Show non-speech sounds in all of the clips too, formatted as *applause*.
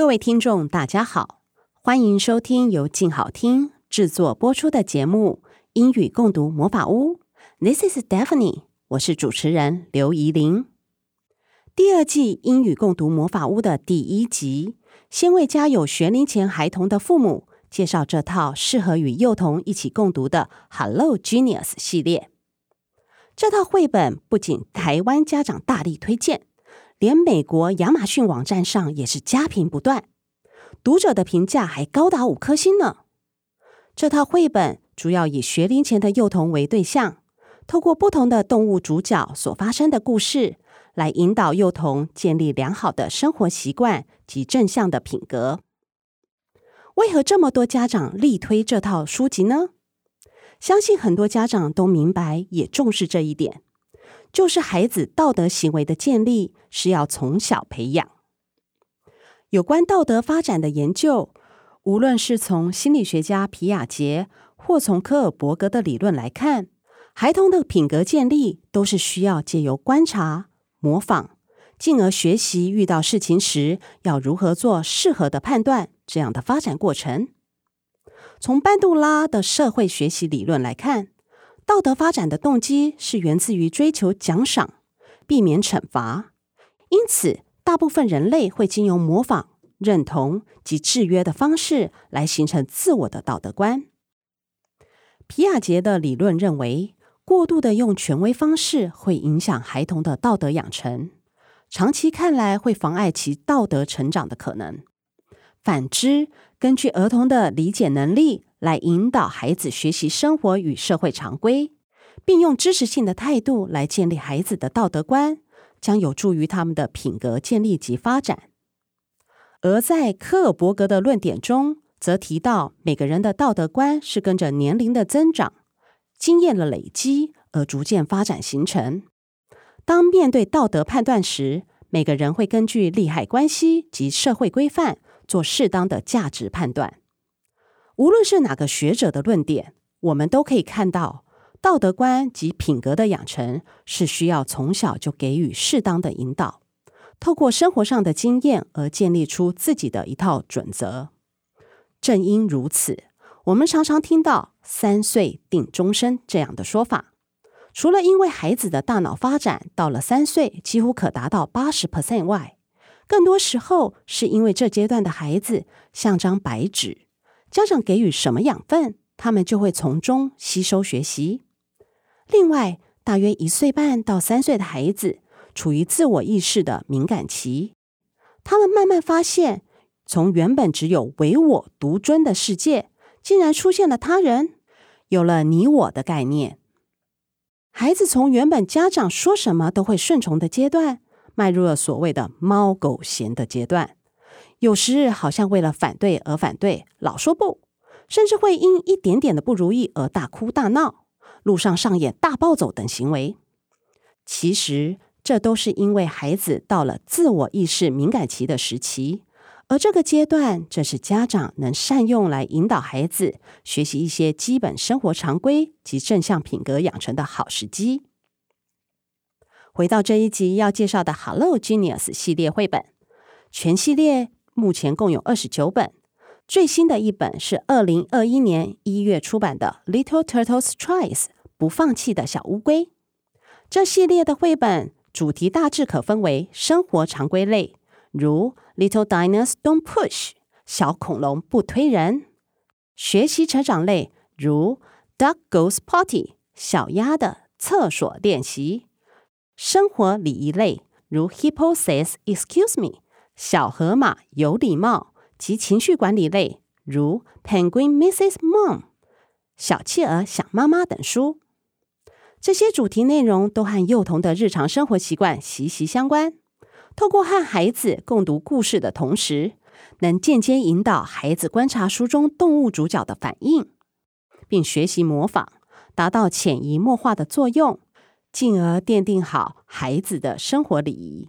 各位聽眾，大家好，歡迎收聽由靜好聽制作播出的節目《英語共讀魔法屋》。This is Daphne，我是主持人劉怡伶。第二季《英語共讀魔法屋》的第一集，先為家有學齡前孩童的父母介紹這套適合與幼童一起共讀的《Hello Genius》系列。這套繪本不僅台灣家長大力推薦。連美國亞馬遜網站上也是佳評不斷，讀者的評價還高達五顆星呢。這套繪本主要以學齡前的幼童為對象，透過不同的動物主角所發生的故事，來引導幼童建立良好的生活習慣及正向的品格。為何這麼多家長力推這套書籍呢？相信很多家長都明白，也重視這一點。就是孩子道德行為的建立是要從小培養。有關道德發展的研究，無論是從心理學家皮亞傑，或從科爾伯格的理論來看，孩童的品格建立都是需要借由觀察、模仿，進而學習遇到事情時要如何做適合的判斷這樣的發展過程。從班杜拉的社會學習理論來看。道德發展的動機是源自於追求獎賞，避免懲罰。因此，大部分人類會經由模仿、認同及制約的方式來形成自我的道德觀。皮亞杰的理論認為，過度的用權威方式會影響孩童的道德養成，長期看來會妨礙其道德成長的可能。反之，根據兒童的理解能力。來引導孩子學習生活與社會常規，並用知識性的態度來建立孩子的道德觀，將有助於他們的品格建立及發展。而在科爾伯格的論點中，則提到每個人的道德觀是跟着年齡的增長、經驗的累積而逐漸發展形成。當面對道德判斷時，每個人會根據利害關係及社會規範做適當的價值判斷。無論是哪個學者的論點，我們都可以看到，道德觀及品格的養成是需要從小就給予適當的引導，透過生活上的經驗而建立出自己的一套準則。正因如此，我們常常聽到“三歲定終身”這樣的說法。除了因為孩子的大腦發展到了三歲幾乎可達到八十 percent 外，更多時候是因為這階段的孩子像張白紙。家長給予什麼養分，他們就會從中吸收學習。另外，大約一歲半到三歲的孩子處於自我意識的敏感期，他們慢慢發現，從原本只有唯我獨尊的世界，竟然出現了他人，有了你我的概念。孩子從原本家長說什麼都會順從的階段，邁入了所謂的貓狗嫌的階段。有時好像為了反對而反對，老說不，甚至會因一點點的不如意而大哭大鬧，路上上演大暴走等行為。其實這都是因為孩子到了自我意識敏感期的時期，而這個階段正是家長能善用來引導孩子學習一些基本生活常規及正向品格養成的好時機。回到這一集要介紹的《Hello Genius》系列繪本，全系列。目前共有二十九本，最新的一本是二零二一年一月出版的《Little Turtles Tries》，不放棄的小烏龜。這系列的繪本主題大致可分為生活常規類，如《Little Dinosaurs Don't Push》，小恐龍不推人；學習成長類，如《Duck Goes Potty》，小鴨的廁所練習；生活禮儀類，如《Hippo Says Excuse Me》。小河馬有禮貌及情緒管理類，如《Penguin Misses Mom》，小企鵝想媽媽等書，這些主題內容都和幼童的日常生活習慣息息相關。透過和孩子共讀故事的同時，能間接引導孩子觀察書中動物主角的反應，並學習模仿，達到潛移默化的作用，進而奠定好孩子的生活禮儀。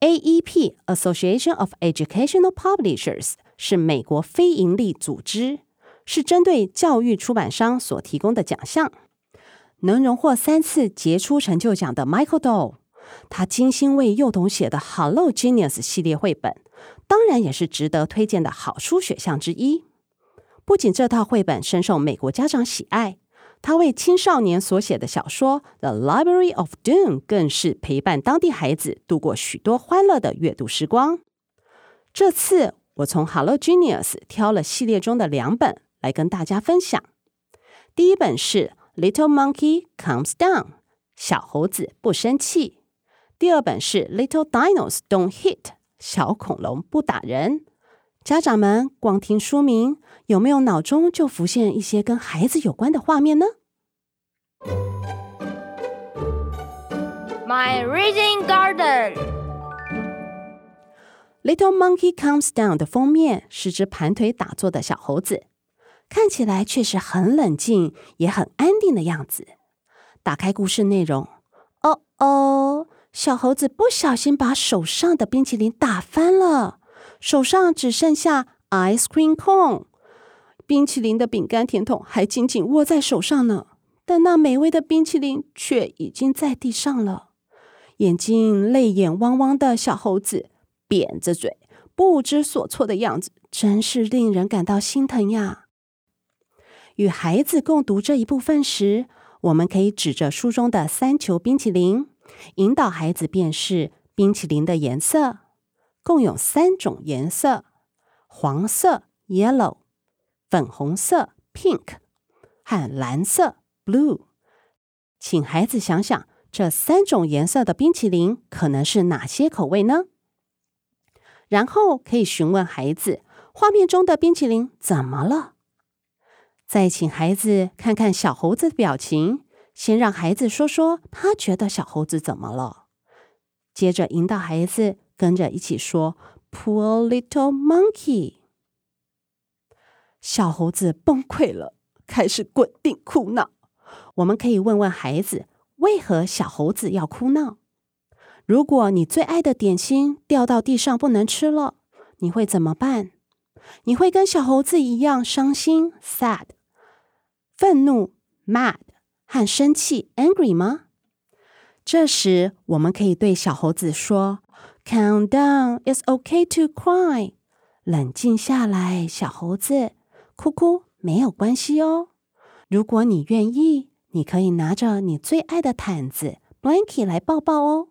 AEP Association of Educational Publishers 是美國非盈利組織，是針對教育出版商所提供的獎項。能榮獲三次傑出成就獎的 Michael Dahl，他精心為幼童寫的 Hello Genius 系列繪本，當然也是值得推薦的好書選項之一。不僅這套繪本深受美國家長喜愛。他為青少年所寫的小說 The Library of Doom，更是陪伴當地孩子度過許多歡樂的閱讀時光。這次我從 Hello Genius，挑了系列中的兩本來跟大家分享。第一本是 Little Monkey Calms Down，小猴子不生氣。第二本是 Little Dinos Don't Hit，小恐龍不打人。家長們光聽書名，有沒有腦中就浮現一些跟孩子有關的畫面呢？My Reading Garden Little Monkey Comes Down 的封面是只盤腿打坐的小猴子，看起來確實很冷靜，也很安定的樣子。打開故事內容，哦哦，小猴子不小心把手上的冰淇淋打翻了。手上只剩下 ice cream cone 冰淇淋的餅乾甜筒還緊緊握在手上呢，但那美味的冰淇淋卻已經在地上了。眼睛淚眼汪汪的小猴子，扁着嘴，不知所措的樣子，真是令人感到心疼呀。與孩子共讀這一部分時，我們可以指着書中的三球冰淇淋，引導孩子辨識冰淇淋的顏色。共有三種顏色：黃色 （yellow）、粉紅色 （pink） 和藍色 （blue）。請孩子想想，這三種顏色的冰淇淋可能是哪些口味呢？然後可以詢問孩子：“畫面中的冰淇淋怎麼了？”再請孩子看看小猴子的表情，先讓孩子說說他覺得小猴子怎麼了，接着引導孩子。跟着一起說，Poor little monkey。小猴子崩潰了，開始滾地哭鬧。我們可以問問孩子，為何小猴子要哭鬧？如果你最愛的點心掉到地上不能吃了，你會怎麼辦？你會跟小猴子一樣傷心 （sad）、憤怒 （mad） 和生氣 （angry） 嗎？這時，我們可以對小猴子說。Calm down, it's okay to cry。冷靜下來，小猴子，哭哭沒有關係哦。如果你願意，你可以拿着你最愛的毯子 blankie 來抱抱哦。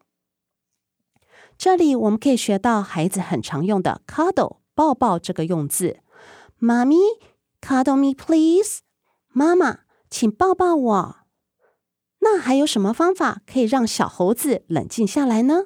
這裡我們可以學到孩子很常用的 “cuddle” 抱抱這個用字。Mommy, cuddle me, please。媽媽，請抱抱我。那還有什麼方法可以讓小猴子冷靜下來呢？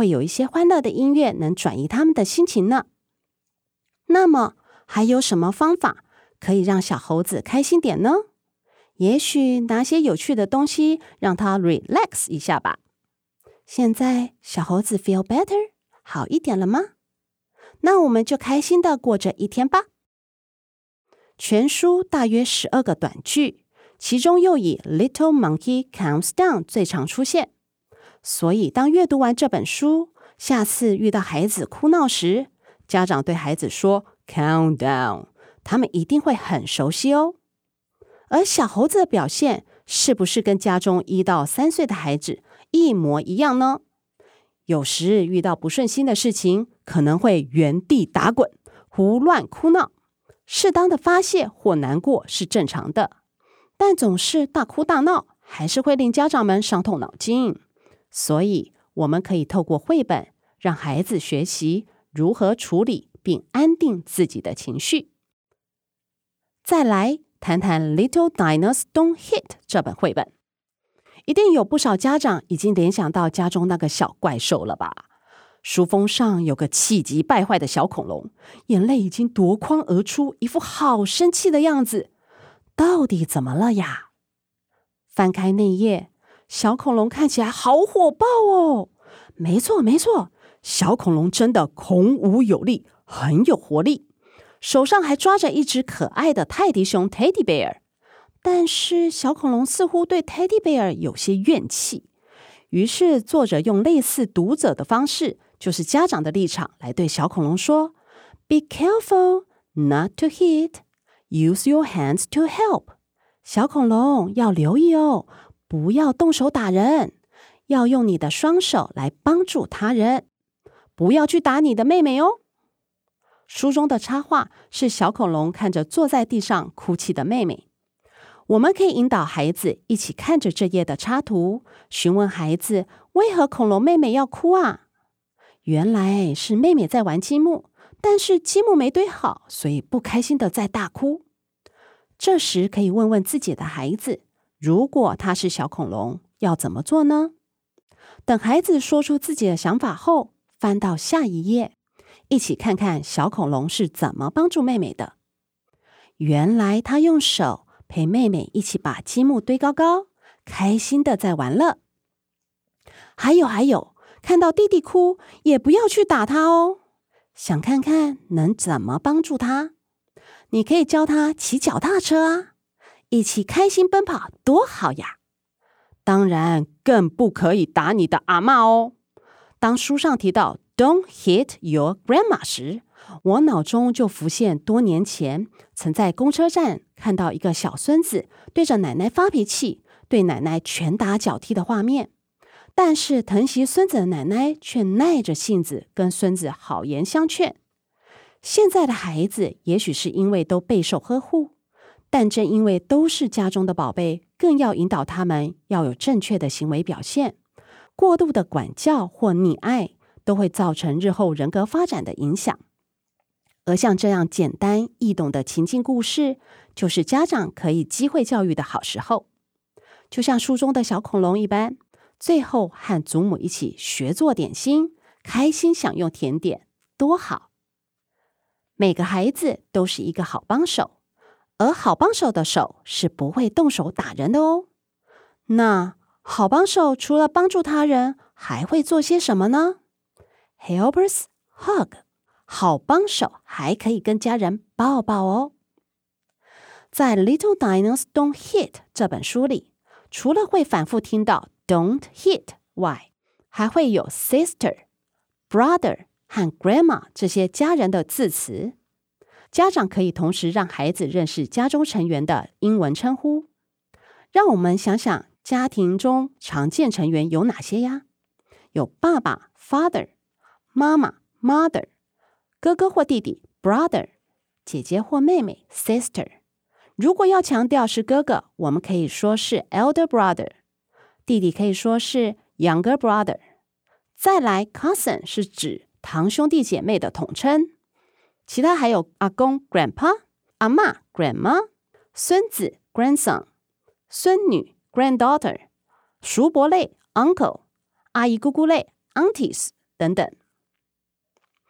會有一些歡樂的音樂，能轉移他們的心情呢？那麼，還有什麼方法可以讓小猴子開心點呢？也許拿些有趣的東西讓他 relax 一下吧。現在，小猴子 feel better，好一點了嗎？那我們就開心的過這一天吧。全書大約十二個短句，其中又以 Little Monkey Calms Down 最常出現。所以，當閱讀完這本書，下次遇到孩子哭鬧時，家長對孩子說 “count down”，他們一定會很熟悉哦。而小猴子的表現，是不是跟家中一到三歲的孩子一模一樣呢？有時遇到不順心的事情，可能會原地打滾、胡亂哭鬧，適當的發洩或難過是正常的，但總是大哭大鬧，還是會令家長們傷透腦筋。所以，我們可以透過繪本讓孩子學習如何處理並安定自己的情緒。再來談談《Little Dinosaur Don't Hit》這本繪本，一定有不少家長已經聯想到家中那個小怪獸了吧？書封上有個氣急敗壞的小恐龍，眼淚已經奪眶而出，一副好生氣的樣子。到底怎麼了呀？翻開內頁。小恐龍看起來好火爆哦！沒錯，沒錯，小恐龍真的孔武有力，很有活力，手上還抓着一只可愛的泰迪熊 （Teddy Bear）。但是小恐龍似乎對 Teddy Bear 有些怨氣，於是作者用類似讀者的方式，就是家長的立場來對小恐龍說：“Be careful not to hit. Use your hands to help.” 小恐龍要留意哦。不要動手打人，要用你的雙手來幫助他人。不要去打你的妹妹哦。書中的插畫是小恐龍看着坐在地上哭泣的妹妹。我們可以引導孩子一起看着這頁的插圖，詢問孩子為何恐龍妹妹要哭啊？原來是妹妹在玩積木，但是積木沒堆好，所以不開心地在大哭。這時可以問問自己的孩子。如果他是小恐龍，要怎麼做呢？等孩子說出自己的想法後，翻到下一頁，一起看看小恐龍是怎麼幫助妹妹的。原來他用手陪妹妹一起把積木堆高高，開心的在玩樂。還有還有，看到弟弟哭，也不要去打他哦。想看看能怎麼幫助他？你可以教他騎腳踏車啊。一起開心奔跑多好呀！當然，更不可以打你的阿嬤哦。當書上提到 "Don't hit your grandma" 時，我腦中就浮現多年前曾在公車站看到一個小孫子對着奶奶發脾氣，對奶奶拳打腳踢的畫面。但是疼惜孫子的奶奶卻耐着性子跟孫子好言相勸。現在的孩子也許是因為都備受呵護。但正因為都是家中的寶貝，更要引導他們要有正確的行為表現。過度的管教或溺愛，都會造成日後人格發展的影響。而像這樣簡單易懂的情境故事，就是家長可以機會教育的好時候。就像書中的小恐龍一般，最後和祖母一起學做點心，開心享用甜點，多好！每個孩子都是一個好幫手。而好幫手的手是不會動手打人的哦。那好幫手除了幫助他人，還會做些什麼呢？Helpers hug，好幫手還可以跟家人抱抱哦。在《Little Dinos Don't Hit》這本書裡，除了會反覆聽到 "Don't hit" 外，還會有 sister、brother 和 grandma 這些家人的字詞。家長可以同時讓孩子認識家中成員的英文稱呼。讓我們想想家庭中常見成員有哪些呀？有爸爸 （father）、媽媽 （mother）、哥哥或弟弟 （brother）、姐姐或妹妹 （sister）。如果要強調是哥哥，我們可以說是 elder brother；弟弟可以說是 younger brother。再來，cousin 是指堂兄弟姐妹的統稱。其他還有阿公 （grandpa）、阿嬤 （grandma）、孫子 （grandson）、孫女 （granddaughter）、叔伯類 （uncle）、阿姨姑姑類 （aunties） 等等。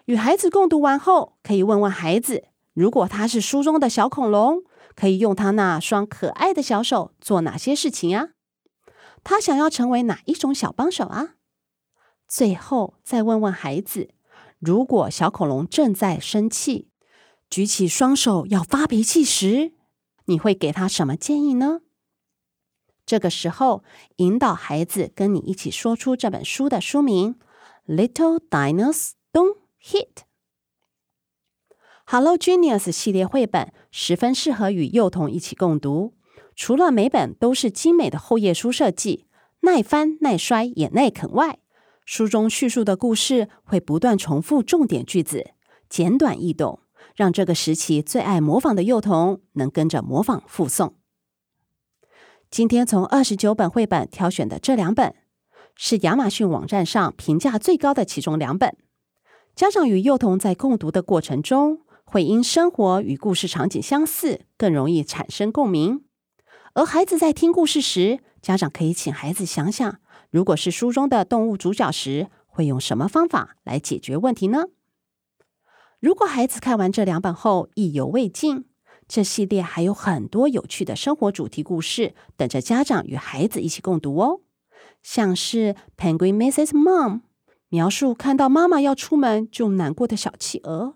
與孩子共讀完後，可以問問孩子：如果他是書中的小恐龍，可以用他那雙可愛的小手做哪些事情啊？他想要成為哪一種小幫手啊？最後再問問孩子。如果小恐龍正在生氣，舉起雙手要發脾氣時，你會給他什麼建議呢？這個時候，引導孩子跟你一起說出這本書的書名《Little Dinosaur Don't Hit》。Hello Genius 系列繪本十分適合與幼童一起共讀，除了每本都是精美的厚頁書設計，耐翻、耐摔也耐啃外。書中敘述的故事會不斷重複重點句子，簡短易懂，讓這個時期最愛模仿的幼童能跟着模仿復誦。今天從二十九本繪本挑選的這兩本，是亞馬遜網站上評價最高的其中兩本。家長與幼童在共讀的過程中，會因生活與故事場景相似，更容易產生共鳴。而孩子在聽故事時，家長可以請孩子想想。如果是書中的動物主角時，會用什麼方法來解決問題呢？如果孩子看完這兩本後意猶未盡，這系列還有很多有趣的生活主題故事等着家長與孩子一起共讀哦。像是《Penguin Misses Mom》，描述看到媽媽要出門就難過的小企鵝；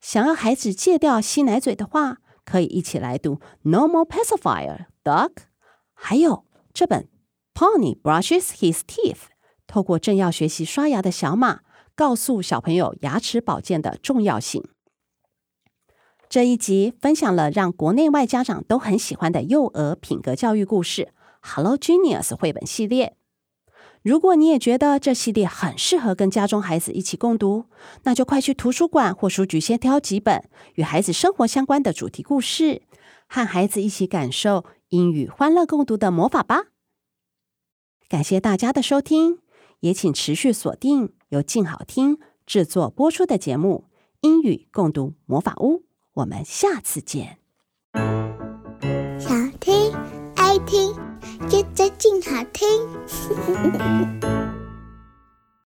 想要孩子戒掉吸奶嘴的話，可以一起來讀《No More Pacifier, Duck》。還有這本。Pony brushes his teeth，透過正要學習刷牙的小馬，告訴小朋友牙齒保健的重要性。這一集分享了讓國內外家長都很喜歡的幼兒品格教育故事《Hello Genius》繪本系列。如果你也覺得這系列很適合跟家中孩子一起共讀，那就快去圖書館或書局先挑幾本與孩子生活相關的主題故事，和孩子一起感受英語歡樂共讀的魔法吧。感謝大家的收聽，也請持續鎖定由靜好聽制作播出的節目《英語共讀魔法屋》，我們下次見。想聽愛聽，就聽靜好聽。 *laughs*